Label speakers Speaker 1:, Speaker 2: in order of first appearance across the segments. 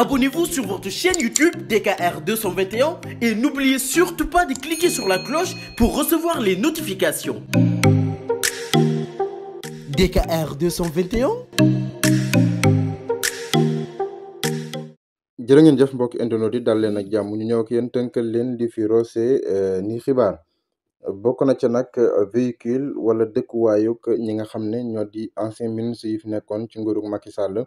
Speaker 1: Abonnez-vous sur votre chaîne YouTube DKR et n'oubliez surtout pas de cliquer sur la cloche pour recevoir les notifications. DKR 221. jërë ngeen jëf mbokk internet yi dal leen ak jàmm ñu ñëw ak yéen leen di fi roose euh, ni xibaar bokk na ca nag euh, véhicule wala dëkkuwaayuk ñi nga xam ne ñoo di ancien ministre yi fi nekkoon ci nguurug Macky Sall.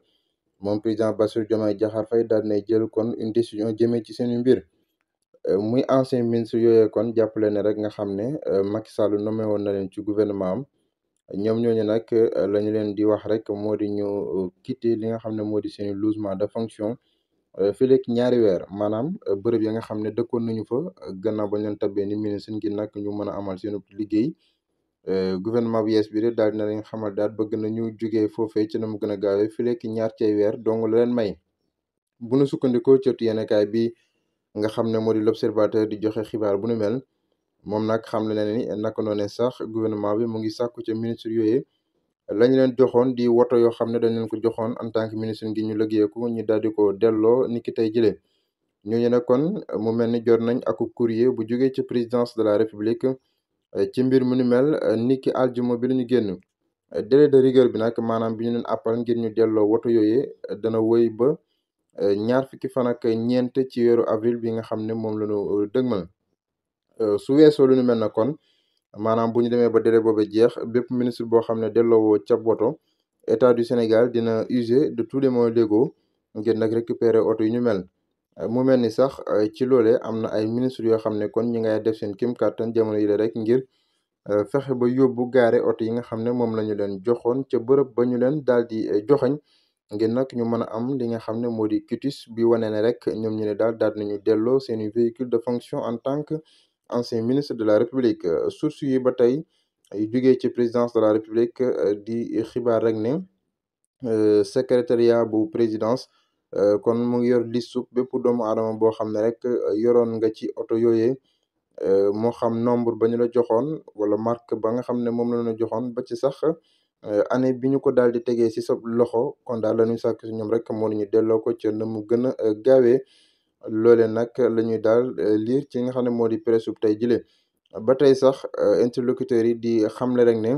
Speaker 1: moom président Bassirou Diomaye Diakhar Faye daal na jël kon une décision jëmee ci seeni mbir euh, muy ancien ministre yooyee kon jàppale ne rek nga xam ne euh, Macky Sall nommé woon na leen ci gouvernement am ñoom ñooñu nag euh, la ñu leen di wax rek moo di ñu quitter li nga xam ne moo di seen logement de fonction fii léegi ñaari weer maanaam bërëb ya nga xam ne dëkkoon nañu fa gannaaw ba ñu leen tabbee ni ministre ngir nag ñu mën a amal seen liggéey. Eh, gouvernement bu yees bi de daal dina leen xamal daal bëgg na ñu jugee foofee ci na mu gën a gaawee fii léegi ñaar cay weer dong la leen may. bu nu sukkandikoo ci yéenekaay bi nga xam ne moo di l'observateur di joxe xibaar bu nu mel moom nag xam na ne ni naka noonee sax gouvernement bi mu ngi sàkku ci ministre yooyu lañ leen joxoon di woto yoo xam ne dañ leen ko joxoon en tant que ministre gi ñu liggéey ko ñu daal di ko delloo niki tey jëlee. ñooñu ne kon mu mel ni jot nañ ak courrier bu jógee ci présidence de la république. ci mbir mu ni mel ni ki aljuma bi la ñu génn délai de rigueur bi nag maanaam bi ñu leen appal ngir ñu delloo woto yooyee dana woy ba ñaar fukki fan ak ñeent ci weeru avril bi nga xam ne moom la ñu dëgmal su weesoo lu ñu mel na kon maanaam bu ñu demee ba délai boobu jeex bépp ministre boo xam ne delloowoo cab woto état du Sénégal dina user de tous les moyens dégo ngir nag récupérer oto yu ñu mel. mu mel ni sax eh, ci loolee am na ay ministre yoo xam ne kon ñi ngay def seen kim kàttan jamono yi la rek ngir eh, fexe ba yóbbu gaare oto yi nga xam ne moom la ñu leen joxoon ca bërëb ba ñu leen daal di eh, joxañ ngir nag ñu mën a am li nga xam ne moo di quitus bi wane ne rek ñoom ñu ne daal daal nañu delloo seeni véhicule de fonction en tant que ancien ministre de la république source yi ba tey jugee ci présidence de la république di xibaar rek ne secrétariat bu présidence Euh, kon mu ngi yor listu bépp doomu aadama boo xam ne rek euh, yoroon nga ci oto yooyee euh, moo xam nombre ba ñu la joxoon wala marque ba nga xam ne moom la ñu joxoon ba ci sax année bi ñu ko daal di tegee si sa loxo kon daal la ñuy sàkk ñoom rek moo ñu delloo ko ca na mu gën a gaawee loole nag la ñuy daal liir ci nga xam ne moo di presse tey jile ba tey sax interlocuteurs yi di xamle rek ne.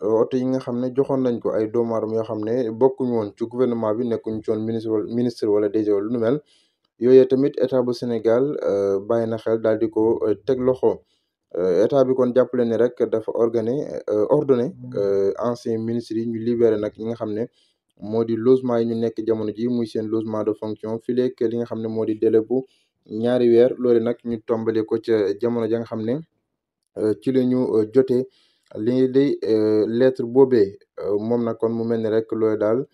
Speaker 1: oto yi nga xam ne joxoon nañ ko ay doomu aadama yoo xam ne bokkuñu woon ci gouvernement bi nekkuñ ci woon ministre wala ministre wala DG wala lu mel yooyu tamit état bu Sénégal euh, bàyyi na xel daal di ko euh, teg loxo euh, état bi kon jàppale ne rek dafa organé ordonné ancien ministre yi ñu libéré nag ñi nga xam ne moo di logement yi ñu nekk jamono ji muy seen logement de fonction fileek li nga xam ne moo di délai bu ñaari weer loole nag ñu tombale ko ca jamono ja nga xam ne ci la ñu jotee. lii day euh, lettre boobee euh, moom nag kon mu mel ni rek looy daal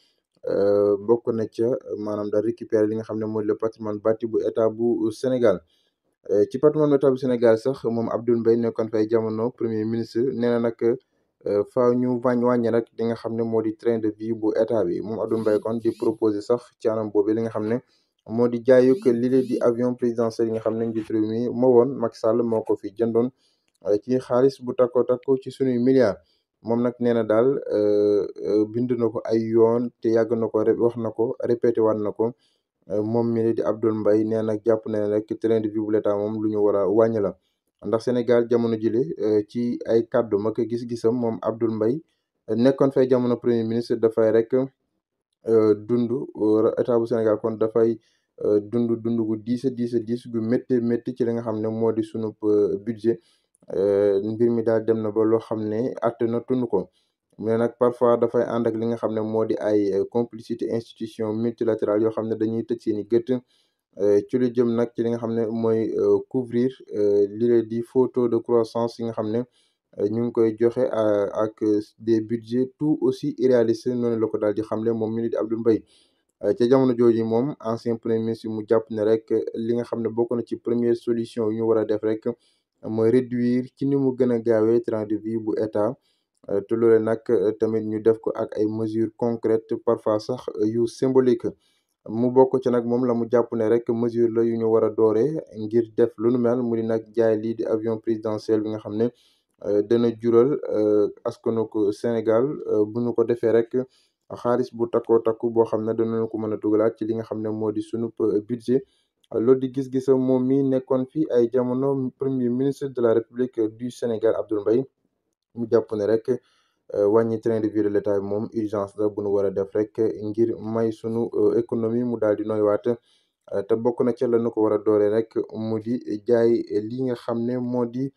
Speaker 1: euh, bokk na ca maanaam daal récupérer li nga xam ne mooy le patrimoine bâti bu état bu Sénégal ci patrimoine bu état bu Sénégal sax moom Abdoul Mbaye nekkoon fay jamono premier ministre nee na nag faaw ñu wàññi wàññi rek li nga xam ne moo di train de vie bu état bi moom Abdoul Mbaye kon di proposer sax ci anam boobee li nga xam ne moo di jaayuk lile di avion présidentiel yi nga xam ne njiit réew mi moo woon Macky Sall moo ko fi jëndoon ci xaalis bu takko takko ci sunuy milliards moom nag nee na daal euh, euh, bind na ko ay yoon te yàgg na ko wax na ko répété waat na ko euh, moom mi di Abdoul Mbaye nee na jàpp na rek train de vie bu l'État moom lu ñu war a wàññi la ndax Sénégal jamono jile ci ay kàddu ma ko gis-gisam moom Abdoul Mbaye nekkoon fay jamono premier ministre dafay rek dund état bu Sénégal kon dafay dund dund gu diis a diis gu métti métti ci li nga xam ne moo di sunu budget Euh, mbir mi daal dem na ba loo xam ne atte na tunu ko mais nag parfois dafay ànd ak li nga xam ne moo di ay euh, complicité institution multilatérale yoo xam ne dañuy tëj seen i gët euh, ci lu jëm nag ci li nga xam ne mooy couvrir li di faux taux de croissance yi nga xam ne ñu ngi koy joxe ak des budgets tout aussi irréalistes noonu la ko daal di xamle moom mi di Abdoul mbay ca jamono jooju moom ancien premier ministre mu jàpp ne rek li nga xam ne bokk na ci première solution yu ñu war a def rek mooy réduire ci ni mu gën a gaawee train de vie bu état euh, te loole nag euh, tamit ñu def ko ak ay mesures concrètes parfois sax euh, yu symbolique mu bokk ci nag moom la mu jàpp ne rek mesure la yu ñu war a doore ngir def lu nu mel mu di nag jaay lii di avion présidentiel bi nga xam ne dana jural askanu ko Sénégal bu ñu ko defee rek xaalis bu takkoo takku boo xam ne danañu ko mën a dugalaat ci li nga xam ne moo di sunu budget loolu di gis-gisam moom mi nekkoon fi ay jamono premier ministre de la république du Sénégal Abdoul Mbaye mu jàpp ne rek euh, wàññi train de vie de l'état moom urgence la bu nu war a def rek ngir may sunu euh, économie mu daal di noywaat euh, te bokk na ca la nu ko war a dooree rek mu di jaay li nga xam ne moo di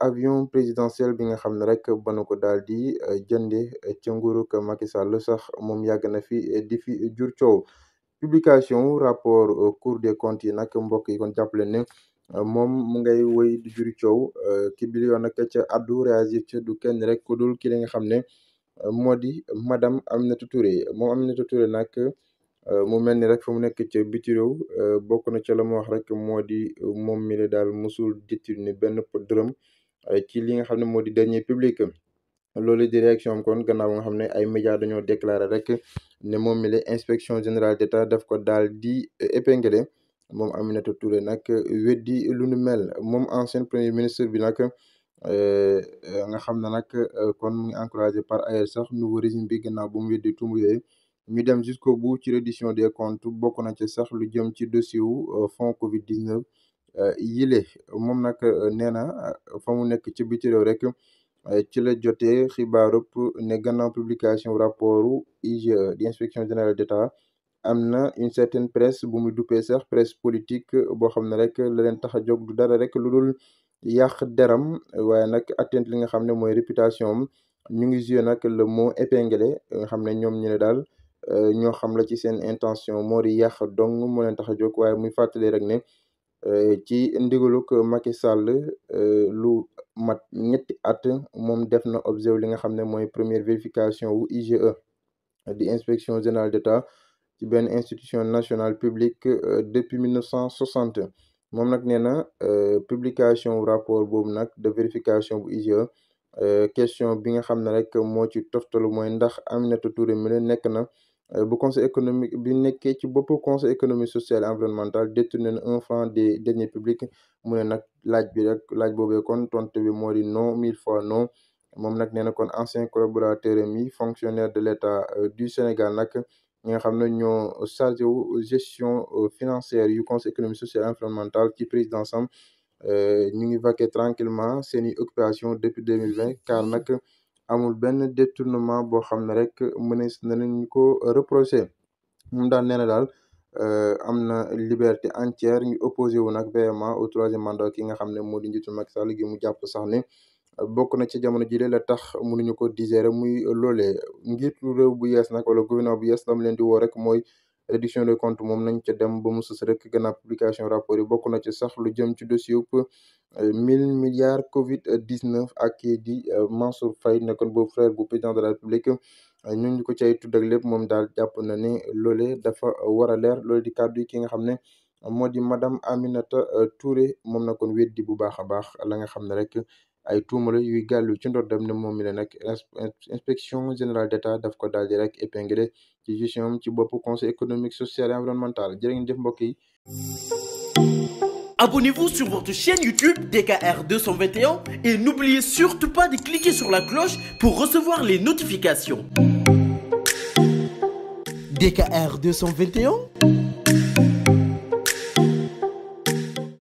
Speaker 1: avion présidentiel bi nga xam ne rek ba nu ko daal di jënde ca nguurug Macky Sall sax moom yàgg na fi di fi jur coow. publication rapport euh, cour de comptes yi nag mbokk yi kon jàppale ne euh, moom mu ngay wéy du juri coow euh, ki bi nag ca addu réagir ca du kenn rek ku dul ki li nga xam ne moo di madame Aminata Touré moom Aminata Touré nag mu mel ni rek fa mu nekk ca biti réew bokk na ca la mu wax rek moo di moom mi la daal musul détourné benn dërëm ci li nga xam ne moo di dernier public loolu di réaction am kon gannaaw nga xam ne ay médias dañoo déclaré rek ne moom mi la inspection générale d'État def ko daal di euh, épinglé moom Aminata Touré nag euh, weddi lu nu mel moom ancien premier ministre bi nag euh, nga xam ne nag kon mu ngi par ailleurs sax nouveau régime bi gannaaw bu mu weddi tumb yooyu ñu dem jusqu'au bout ci reddition des comptes bokk na ci sax lu jëm ci dossier wu fond Covid 19 yile moom nag nee na fa mu nekk ci biti réew rek. ci la jotee xibaaru ne gannaaw publication rapportu IGE di inspection générale d' état am na une certaine presse bu muy duppee sax presse politique boo xam ne rek la leen tax a jóg du dara rek lu dul yàq deram waaye nag atteinte li nga xam ne mooy réputation am ñu ngi joué nag le mot nga xam ne ñoom ñu ne daal euh, ñoo xam la ci seen intention moo di yàq dong mo leen tax a jóg waaye muy fàttali rek ne. Euh, ci ndigalug Macky Sall euh, lu mat ñetti at moom def na observe li nga xam ne mooy première vérification wu IGE di inspection générale d'État ci benn institution nationale publique euh, depuis 1960 moom nag nee na publication rapport boobu nag de vérification bu IGE question bi nga xam ne rek moo ci toftalu mooy ndax Aminata Touré mi la nekk na Euh, bu conseil économique bi nekkee ci boppu conseil économique social et environnemental détourné na un franc des deniers publics mu ne nag laaj bi rek laaj boobee kon tontu bi moo di non mille fois no moom nag nee na kon ancien collaborateur mi fonctionnaire de l'État euh, du Sénégal nag ñi nga xam ne ñoo chargé wu gestion euh, financière yu conseil économique social et ci présidence am ñu ngi vaquer tranquillement seen i occupation depuis deux mille vingt car nag amul benn détournement boo xam ne rek mënees nañ ko reproché moom daal nee na daal euh, am na liberté entière ñu opposé wu nag vraiment au troisième mandat ki nga xam ne moo di njiitu Macky Sall gi mu jàpp sax ni euh, bokk na ci jamono jile la tax mënuñu ko digérer muy loolee njiitu réew bu yees nag wala gouvernement bu yees lam leen di woo rek mooy reddition de comptes moom nañ ca dem ba mu sës rek gannaaw publication rapport yi bokk na ci sax lu jëm ci dossier yëpp euh, mille milliards Covid 19 ak kii di euh, Mansour Faye nekkoon boobu frère bu président de la République euh, ñun ko cay tudd ak lépp moom daal jàpp na ne loole dafa war a leer loole di kàddu yi ki nga xam ne moo di madame Aminata Touré moom na kon weddi bu baax a baax la nga xam ne rek ay tuuma la yuy gàllu ci ndoddam ne moom mi la nag inspection générale d' état daf ko daal di rek ci gestion ci bopp conseil économique social et environnemental jërë ngeen jëf mbokk yi. Abonnez-vous sur votre chaîne YouTube DKR et n'oubliez surtout pas de cliquer sur la cloche pour recevoir les notifications. DKR